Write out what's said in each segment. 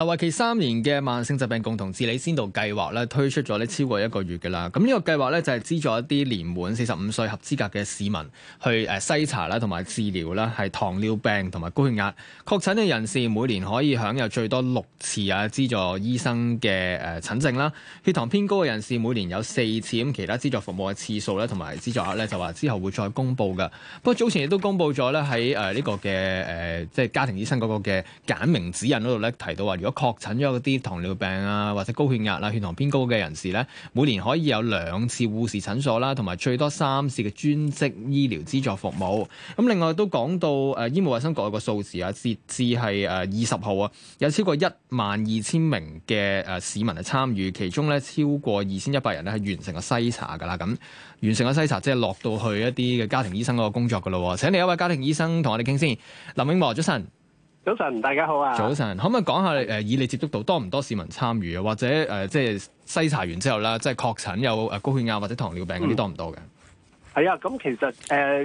啊，為期三年嘅慢性疾病共同治理先導計劃咧，推出咗咧超過一個月嘅啦。咁呢個計劃咧就係資助一啲年滿四十五歲合資格嘅市民去誒篩查啦，同埋治療啦，係糖尿病同埋高血壓確診嘅人士每年可以享有最多六次啊資助醫生嘅誒診症啦。血糖偏高嘅人士每年有四次咁，其他資助服務嘅次數咧同埋資助額咧就話之後會再公布噶。不過早前亦都公布咗咧喺誒呢個嘅誒即係家庭醫生嗰個嘅簡明指引嗰度咧提到話如果確診咗嗰啲糖尿病啊，或者高血壓啦、啊、血糖偏高嘅人士咧，每年可以有兩次護士診所啦、啊，同埋最多三次嘅專職醫療資助服務。咁另外都講到誒醫務衞生局嘅數字啊，截至係誒二十號啊，有超過一萬二千名嘅誒市民係參與，其中咧超過二千一百人咧係完成咗篩查㗎啦。咁完成咗篩查即係落到去一啲嘅家庭醫生嗰個工作㗎咯。請嚟一位家庭醫生同我哋傾先，林永和早晨。早晨，大家好啊！早晨，可唔可以講下誒，以你接觸到多唔多市民參與啊？或者誒、呃，即係篩查完之後啦，即係確診有誒高血壓或者糖尿病嗰啲多唔多嘅？係啊、嗯，咁其實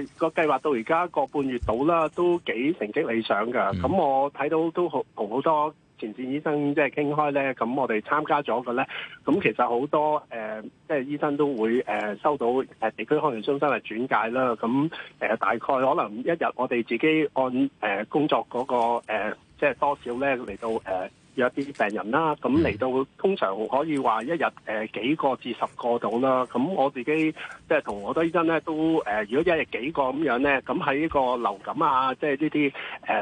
誒個計劃到而家個半月到啦，都幾成績理想噶。咁我睇到都好同好多。前線醫生即係傾開咧，咁我哋參加咗嘅咧，咁其實好多誒，即、呃、係、就是、醫生都會誒、呃、收到誒地區康院中心嘅轉介啦。咁、呃、大概可能一日我哋自己按誒、呃、工作嗰、那個即係、呃就是、多少咧嚟到誒、呃、約啲病人啦。咁嚟到通常可以話一日誒、呃、幾個至十個到啦。咁我自己即係、就是、同好多醫生咧都誒、呃，如果一日幾個咁樣咧，咁喺呢個流感啊，即係呢啲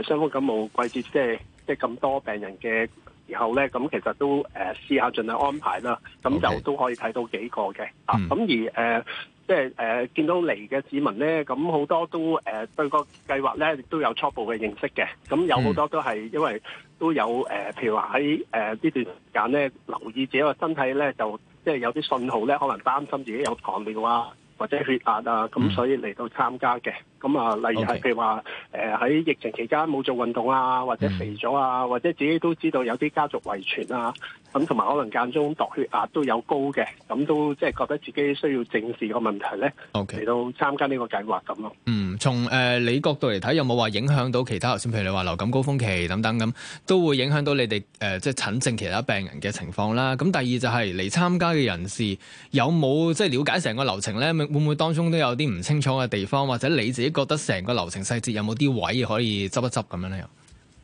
誒傷風感冒季節即係。就是即係咁多病人嘅時候咧，咁其實都誒試下盡量安排啦。咁 Okay. 就都可以睇到幾個嘅。啊、mm.，咁而誒即係誒見到嚟嘅市民咧，咁好多都誒對個計劃咧亦都有初步嘅認識嘅。咁有好多都係因為都有誒，譬如話喺誒呢段時間咧，留意自己個身體咧，就即係有啲訊號咧，可能擔心自己有糖尿病啊或者血壓啊，咁、mm. 所以嚟到參加嘅。咁啊，例如係譬如話，誒喺疫情期間冇做運動啊，或者肥咗啊，嗯、或者自己都知道有啲家族遺傳啊，咁同埋可能間中度血壓都有高嘅，咁都即係覺得自己需要正視個問題咧，OK，嚟到參加呢個計劃咁咯。嗯，從誒、呃、你角度嚟睇，有冇話影響到其他頭先？譬如你話流感高峰期等等咁，都會影響到你哋誒即係診症其他病人嘅情況啦。咁第二就係、是、嚟參加嘅人士有冇即係了解成個流程咧？會唔會當中都有啲唔清楚嘅地方，或者你自己？覺得成個流程細節有冇啲位置可以執一執咁樣咧？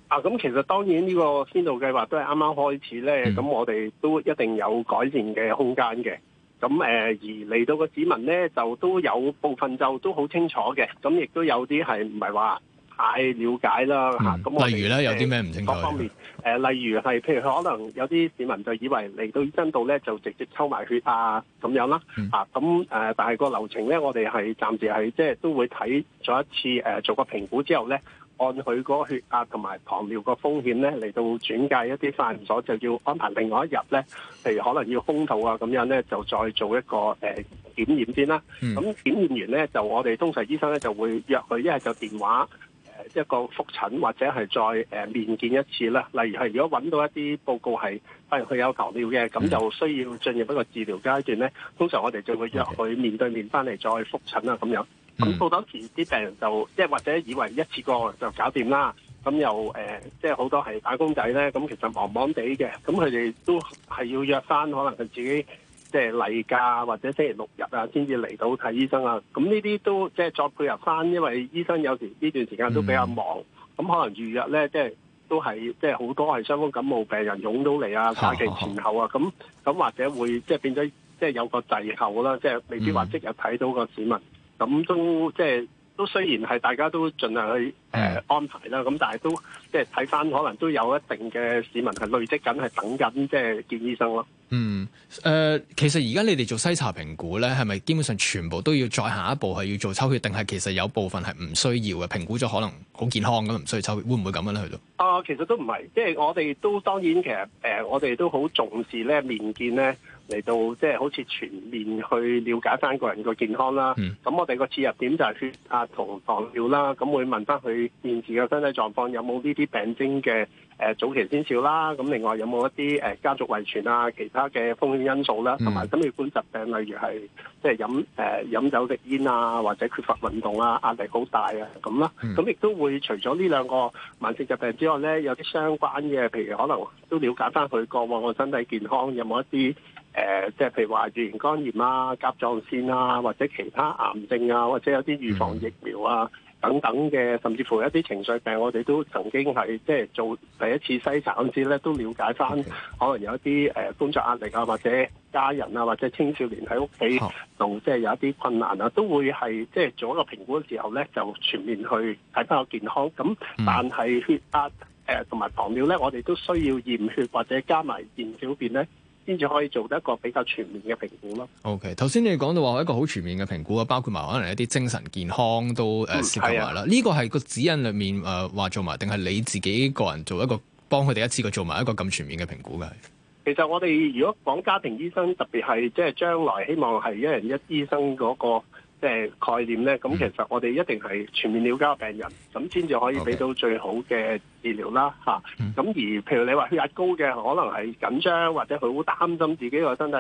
啊，咁其實當然呢個先導計劃都係啱啱開始咧，咁、嗯、我哋都一定有改善嘅空間嘅。咁誒、呃，而嚟到個市民咧，就都有部分就都好清楚嘅，咁亦都有啲係唔係話太了解啦嚇，咁、嗯、例如咧有啲咩唔清楚？各方面、呃、例如係譬如可能有啲市民就以為嚟到醫生度咧就直接抽埋血啊咁樣啦，咁誒、嗯啊，但係個流程咧，我哋係暫時係即係都會睇咗一次、呃、做個評估之後咧，按佢嗰個血壓同埋糖尿個個風險咧嚟到轉介一啲化驗所，就要安排另外一日咧，譬如可能要空肚啊咁樣咧，就再做一個誒、呃、檢驗先啦。咁、嗯、檢驗完咧，就我哋通常醫生咧就會約佢一係就電話。一個覆診或者係再誒、呃、面見一次啦。例如係如果揾到一啲報告係發現佢有糖尿嘅，咁就需要進入一個治療階段咧。通常我哋就會約佢面對面返嚟再覆診啦，咁樣。咁到當時啲病人就即係或者以為一次過就搞掂啦，咁又誒即係好多係打工仔咧，咁其實忙忙地嘅，咁佢哋都係要約返可能佢自己。即係例假或者星期六日啊，先至嚟到睇醫生啊。咁呢啲都即係再配合翻，因為醫生有時呢段時間都比較忙。咁、嗯、可能預約咧，即、就、係、是、都係即係好多係傷風感冒病人湧到嚟啊，假、啊、期前後啊。咁咁、啊、或者會即係、就是、變咗，即、就、係、是、有個滯口啦，即、就、係、是、未必話即日睇到個市民。咁、嗯、都即係、就是、都雖然係大家都盡量去誒、呃、安排啦、啊。咁但係都即係睇翻，就是、可能都有一定嘅市民係累積緊，係等緊即係見醫生咯、啊。嗯，誒、呃，其實而家你哋做篩查評估咧，係咪基本上全部都要再下一步係要做抽血？定係其實有部分係唔需要嘅評估咗，可能好健康咁，唔需要抽血，會唔會咁樣咧？去到？啊，其實都唔係，即係我哋都當然其實誒、呃，我哋都好重視咧面見咧。嚟到即係、就是、好似全面去了解翻個人個健康啦。咁、嗯、我哋個切入點就係血壓同糖尿啦。咁會問翻佢現時嘅身體狀況有冇呢啲病徵嘅、呃、早期先兆啦。咁另外有冇一啲、呃、家族遺傳啊、其他嘅風險因素啦，同埋心血管疾病，例如係即係飲、呃、飲酒食煙啊，或者缺乏運動啊，壓力好大啊咁啦。咁亦、嗯嗯、都會除咗呢兩個慢性疾病之外呢，有啲相關嘅，譬如可能都了解翻佢過往個身體健康有冇一啲。誒，即係、呃、譬如話，乙型肝炎啊、甲狀腺啊，或者其他癌症啊，或者有啲預防疫苗啊，嗯、等等嘅，甚至乎一啲情緒病，我哋都曾經係即係做第一次篩查陣時咧，都了解翻可能有一啲誒工作壓力啊，或者家人啊，或者青少年喺屋企同即係有一啲困難啊，都會係即係做一個評估嘅時候咧，就全面去睇翻個健康。咁、嗯、但係血壓同埋、呃、糖尿咧，我哋都需要驗血或者加埋驗小便咧。先至可以做得一個比較全面嘅評估咯。O K，頭先你講到話一個好全面嘅評估啊，包括埋可能一啲精神健康都誒涉及埋啦。呢個係個指引裏面誒話做埋，定係你自己個人做一個，幫佢哋一次過做埋一個咁全面嘅評估嘅？其實我哋如果講家庭醫生，特別係即係將來希望係一人一醫生嗰個。即係概念咧，咁其實我哋一定係全面了解個病人，咁先至可以俾到最好嘅治療啦，咁 Okay.、啊、而譬如你話血壓高嘅，可能係緊張，或者佢好擔心自己個身體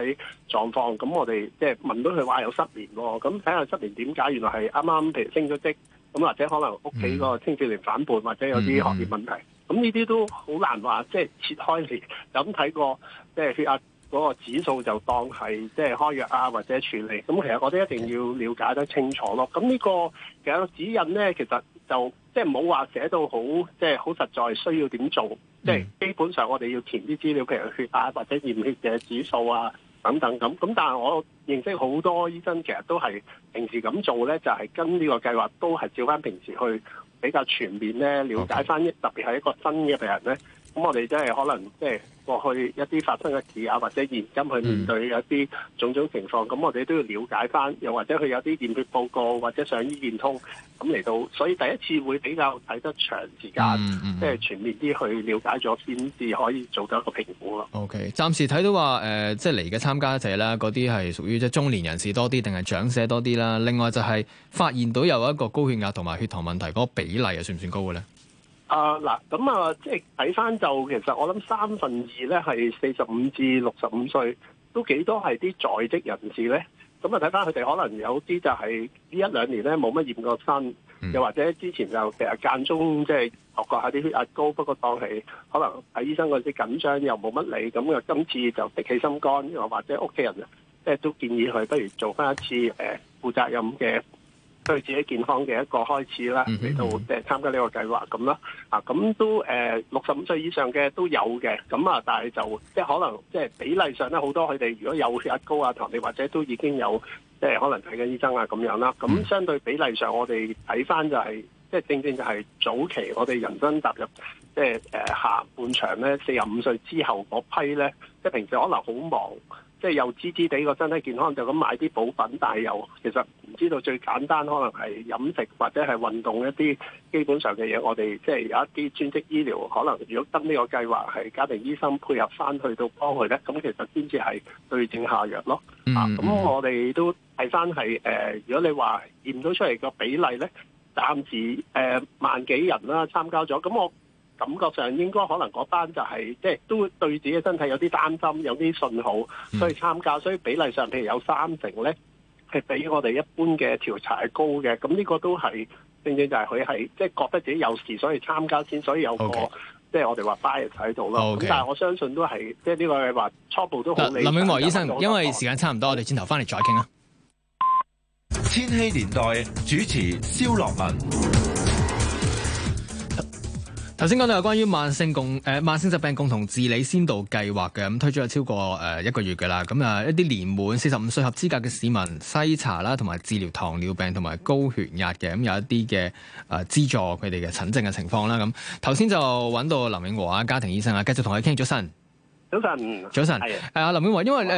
狀況。咁我哋即係問到佢話有失眠喎，咁睇下失眠點解？原來係啱啱譬如升咗職，咁或者可能屋企個青少年反叛，mm. 或者有啲學業問題。咁呢啲都好難話，即、就、係、是、切開嚟咁睇過即係、呃、血壓。嗰個指數就當係即係開藥啊，或者處理。咁其實我哋一定要了解得清楚咯。咁呢個其實個指引咧，其實就即係冇話寫到好，即係好實在需要點做。即係基本上我哋要填啲資料，譬如血壓或者驗血嘅指數啊，等等咁。咁但係我認識好多醫生，其實都係平時咁做咧，就係跟呢個計劃都係照翻平時去比較全面咧，了解翻一特別係一個新嘅病人咧。Okay. 咁我哋即係可能即係過去一啲發生嘅事啊，或者現今去面對有啲種種情況，咁、嗯、我哋都要了解翻，又或者佢有啲驗血報告或者上醫健通咁嚟到，所以第一次會比較睇得長時間，即係全面啲去了解咗先至可以做到一個評估咯。O、okay, K，暫時睇到話誒，即係嚟嘅參加者啦，嗰啲係屬於即係中年人士多啲，定係長者多啲啦？另外就係發現到有一個高血壓同埋血糖問題，嗰、那個比例係算唔算高嘅咧？啊嗱，咁啊、呃，即係睇翻就，其實我諗三分二咧係四十五至六十五歲，都幾多係啲在職人士咧。咁啊，睇翻佢哋可能有啲就係呢一兩年咧冇乜驗過身，又或者之前就成日間中即係學過下啲血壓高，不過當係可能睇醫生嗰陣時緊張又冇乜理，咁又今次就的起心肝，又或者屋企人即係都建議佢不如做翻一次誒、呃、負責任嘅。對自己健康嘅一個開始啦，嚟到即係參加呢個計劃咁啦，啊咁都誒六十五歲以上嘅都有嘅，咁啊但係就即係可能即係比例上咧，好多佢哋如果有血壓高啊、糖尿病或者都已經有，即係可能睇緊醫生啊咁樣啦。咁相對比例上，我哋睇翻就係即係正正就係早期我哋人生踏入即係誒、呃、下半場咧，四十五歲之後嗰批咧，即係平時可能好忙。即係又知知地個身體健康，就咁買啲補品，但係又其實唔知道最簡單可能係飲食或者係運動一啲基本上嘅嘢。我哋即係有一啲專職醫療，可能如果得呢個計劃係家庭醫生配合翻去到幫佢咧，咁其實先至係對症下藥咯。嗯、啊，咁我哋都睇翻係誒，如果你話驗到出嚟個比例咧，暫時誒、呃、萬幾人啦參加咗，咁我。感覺上應該可能嗰班就係、是、即係都會對自己嘅身體有啲擔心，有啲信號，所以參加。所以比例上，譬如有三成咧，係比我哋一般嘅調查係高嘅。咁呢個都係正正就係佢係即係覺得自己有事，所以參加先，所以有個 Okay. 即係我哋話 bias 喺度啦。咁 Okay. 但係我相信都係即係呢個話初步都好。林永和醫生，因為時間差唔多，我哋轉頭返嚟再傾啊。千禧年代主持蕭樂文。頭先講到係關於慢性共，誒，慢性疾病共同治理先導計劃嘅，咁推出咗超過誒一個月㗎啦，咁啊一啲年滿四十五歲合資格嘅市民篩查啦，同埋治療糖尿病同埋高血壓嘅，咁有一啲嘅，誒資助佢哋嘅診症嘅情況啦。咁頭先就揾到林永和啊、家庭醫生啊，繼續同佢傾咗身。早晨，早晨，誒阿的、啊、林永和，因為誒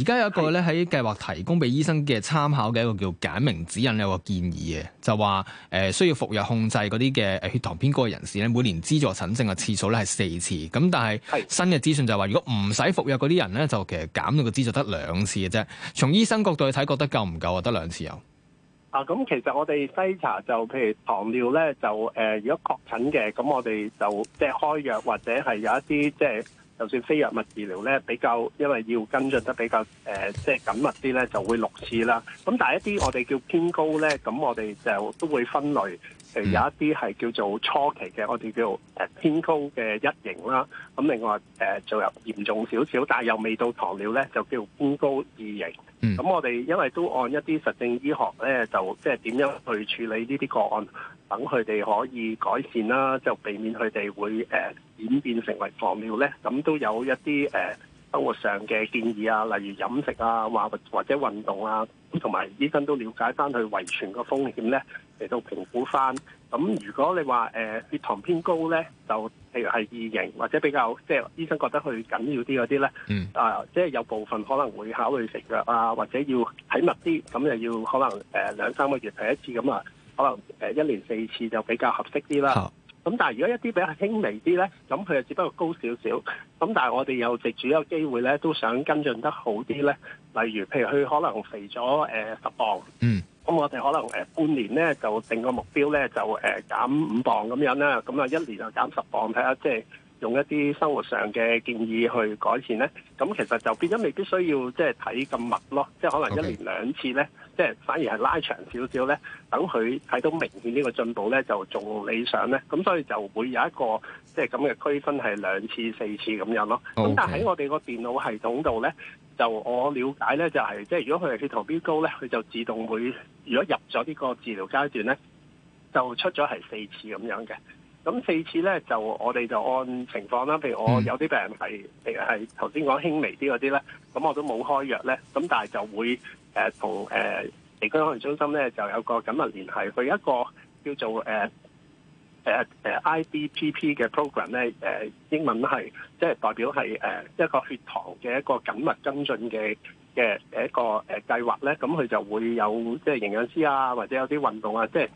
而家有一個咧喺的計劃提供俾醫生嘅參考嘅一個叫簡明指引，有一個建議嘅，就話、呃、需要服藥控制嗰啲嘅血糖偏高嘅人士咧，每年資助診症嘅次數咧係四次，咁但係的新嘅資訊就話，如果唔使服藥嗰啲人咧，就其實減到個資助得兩次嘅啫。從醫生角度去睇，覺得夠唔夠啊？得兩次有啊？咁其實我哋篩查就譬如糖尿咧，就誒、呃、如果確診嘅，咁我哋就即係開藥或者係有一啲即係。就算非藥物治療咧，比較因為要跟進得比較誒，即係緊密啲咧，就會六次啦。咁但係一啲我哋叫偏高咧，咁我哋就都會分類，誒有一啲係叫做初期嘅，我哋叫誒偏高嘅一型啦。咁另外誒就有嚴重少少，但係又未到糖尿咧，就叫偏高二型。咁、嗯、我哋因為都按一啲實證醫學咧，就即係點樣去處理呢啲個案，等佢哋可以改善啦，就避免佢哋會誒演、呃、變，變成為糖尿咧。咁都有一啲誒、呃、生活上嘅建議啊，例如飲食啊，或或者運動啊，咁同埋醫生都了解翻佢遺傳個風險咧，嚟到評估翻。咁如果你話、呃、血糖偏高咧，就譬如係異型或者比較即係、就是、醫生覺得佢緊要啲嗰啲咧，嗯啊，即、就、係、是、有部分可能會考慮食藥啊，或者要睇密啲，咁又要可能誒、呃、兩三個月睇一次咁啊，可能、呃、一年四次就比較合適啲啦。咁、嗯、但係如果一啲比較輕微啲咧，咁佢又只不過高少少，咁但係我哋又藉住一個機會咧，都想跟進得好啲咧。例如譬如佢可能肥咗誒十磅，嗯。咁我哋可能誒半年咧就定個目標咧就誒減五磅咁樣啦，咁啊一年就減十磅，睇下即係用一啲生活上嘅建議去改善咧。咁其實就變咗未必需要即係睇咁密咯，即係可能一年兩次咧，Okay. 即係反而係拉長少少咧，等佢睇到明顯呢個進步咧就仲理想咧。咁所以就會有一個即係咁嘅區分係兩次四次咁樣咯。咁 Okay. 但係喺我哋個電腦系統度咧。就我了解咧，就係、是、即係如果佢係血糖標高咧，佢就自動會如果入咗呢個治療階段咧，就出咗係四次咁樣嘅。咁四次咧，就我哋就按情況啦。譬如我有啲病人係譬如係頭先講輕微啲嗰啲咧，咁我都冇開藥咧。咁但係就會誒同誒地區康健中心咧就有一個緊密聯繫。佢一個叫做誒。呃誒誒 IDPP 嘅 program 咧，誒英文係即係代表係誒一個血糖嘅一個緊密跟進嘅嘅誒一個誒計劃咧，咁佢就會有即係營養師啊，或者有啲運動啊，即係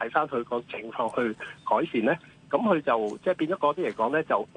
睇返佢個情況去改善咧，咁佢就即係變咗嗰啲嚟講咧就。就是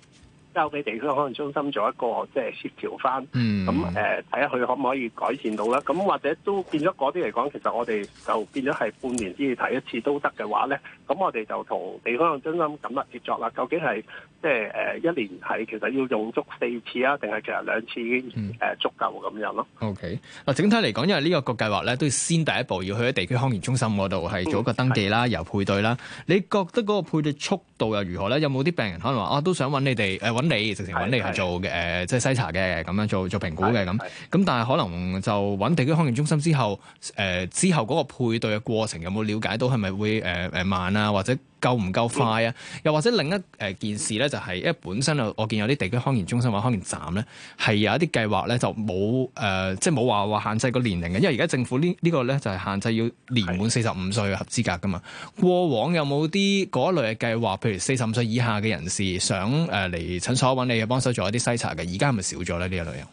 交俾地區康健中心做一個即係協調翻，咁誒睇下佢可唔可以改善到咧？咁或者都變咗嗰啲嚟講，其實我哋就變咗係半年先睇一次都得嘅話咧，咁我哋就同地區康健中心緊密合作啦。究竟係即係誒一年係其實要用足四次啊，定係其實兩次已經誒足夠咁樣咯？O K，嗱整體嚟講，因為呢一個計劃咧，都要先第一步要去喺地區康健中心嗰度係做一個登記啦，由配對啦。你覺得嗰個配對速度又如何咧？有冇啲病人可能話啊都想揾你哋誒？揾你直情揾你去做嘅，誒、呃、即係篩查嘅，咁樣做做評估嘅，咁咁樣但係可能就揾地區康健中心之後，誒、呃、之後嗰個配對嘅過程有冇了解到係咪會誒誒、呃、慢啊，或者？夠唔夠快啊？嗯、又或者另一件事咧，就係因為本身啊，我見有啲地區康健中心或康健站咧，係有一啲計劃咧、呃，就冇即冇話話限制個年齡嘅。因為而家政府呢呢、呢個咧就係限制要年滿四十五歲嘅合資格噶嘛。的過往有冇啲嗰類嘅計劃，譬如四十五歲以下嘅人士想誒嚟、呃、診所搵你幫手做一啲篩查嘅？而家係咪少咗咧呢個類型？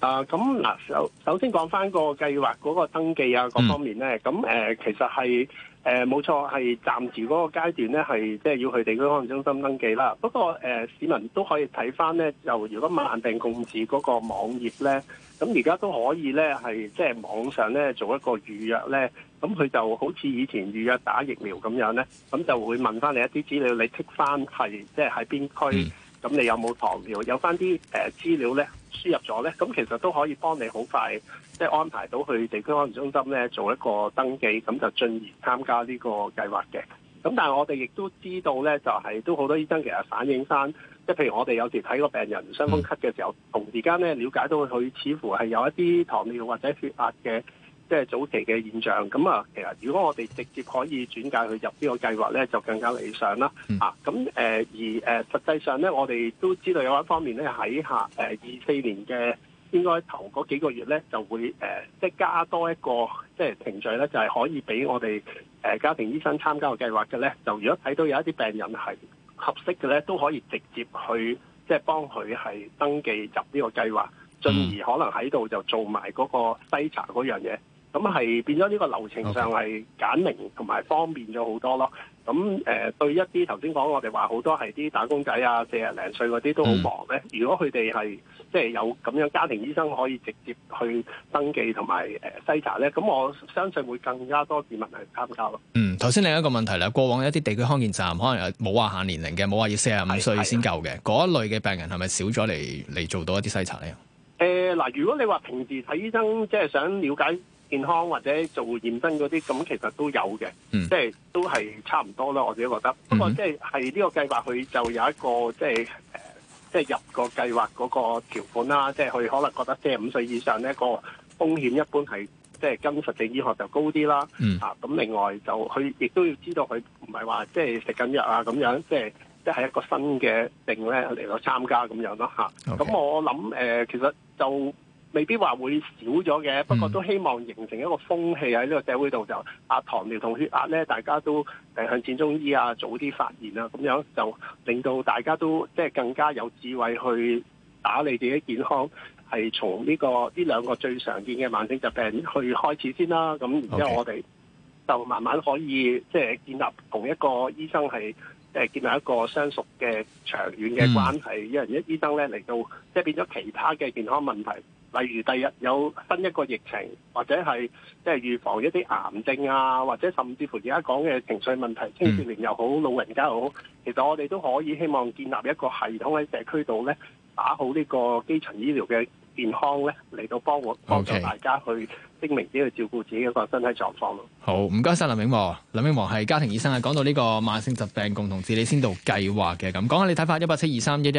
啊，咁嗱首首先講翻個計劃嗰、嗰個登記啊，各、嗰個、方面咧，咁、嗯呃、其實係。誒冇錯，係暫時嗰個階段咧，係即係要去地區康健中心登記啦。不過誒、呃，市民都可以睇翻咧，就如果慢病共治嗰個網頁咧，咁而家都可以咧，係即係網上咧做一個預約咧。咁佢就好似以前預約打疫苗咁樣咧，咁就會問翻你一啲資料，你剔翻係即係喺邊區，咁你有冇糖尿，有翻啲誒資料咧。輸入咗咧，咁其實都可以幫你好快，即係安排到去地區康健中心咧做一個登記，咁就進而參加呢個計劃嘅。咁但係我哋亦都知道咧，就係、是、都好多醫生其實反映返，即係譬如我哋有時睇個病人傷風咳嘅時候，同時間咧了解到佢似乎係有一啲糖尿或者血壓嘅。即係早期嘅現象，咁啊，其實如果我哋直接可以轉介佢入呢個計劃咧，就更加理想啦。啊，咁誒而誒實際上咧，我哋都知道有一方面咧喺下誒二四年嘅應該頭嗰幾個月咧，就會誒即係加多一個即係程序咧，就係可以俾我哋誒家庭醫生參加個計劃嘅咧。就如果睇到有一啲病人係合適嘅咧，都可以直接去即係幫佢係登記入呢個計劃，進而可能喺度就做埋嗰個篩查嗰樣嘢。咁係變咗呢個流程上係簡明同埋方便咗好多咯。咁誒 Okay. 對一啲頭先講，我哋話好多係啲打工仔啊，四十零歲嗰啲都好忙咧。嗯、如果佢哋係即係有咁樣家庭醫生可以直接去登記同埋誒篩查咧，咁我相信會更加多市民去參加咯。嗯，頭先另一個問題咧，過往一啲地區康健站可能冇話限年齡嘅，冇話要四十五歲先夠嘅嗰一類嘅病人係咪少咗嚟嚟做到一啲篩查咧？誒嗱、呃，如果你話平時睇醫生，即、就、係、是、想了解。健康或者做驗身嗰啲咁，其實都有嘅，嗯、即係都係差唔多啦。我自己覺得，不過即係係呢個計劃，佢就有一個即係誒，即係、呃、入個計劃嗰個條款啦。即係佢可能覺得，即係五歲以上呢個風險一般係即係跟實證醫學就高啲啦、嗯啊啊。啊，咁另外就佢亦都要知道佢唔係話即係食緊藥啊咁樣，即係即係一個新嘅病咧嚟到參加咁樣咯嚇。咁我諗誒，其實就。未必話會少咗嘅，不過都希望形成一個風氣喺呢個社會度就，啊糖尿同血壓咧，大家都誒向前中醫啊，早啲發現啊，咁樣就令到大家都即係、就是、更加有智慧去打理自己健康，係從呢、這個呢兩個最常見嘅慢性疾病去開始先啦。咁然 Okay. 之後我哋就慢慢可以即係、就是、建立同一個醫生係。誒建立一個相熟嘅長遠嘅關係，一人一醫生咧嚟到，即係變咗其他嘅健康問題，例如第日有新一個疫情，或者係即係預防一啲癌症啊，或者甚至乎而家講嘅情緒問題，青少年又好，老人家又好，其實我哋都可以希望建立一個系統喺社區度咧，打好呢個基層醫療嘅。健康咧嚟到幫我幫助大家去精明啲去照顧自己一個身體狀況咯。Okay. 好，唔該晒，林永和，林永和係家庭醫生啊，講到呢個慢性疾病共同治理先導計劃嘅，咁講下你睇法，一八七二三一一。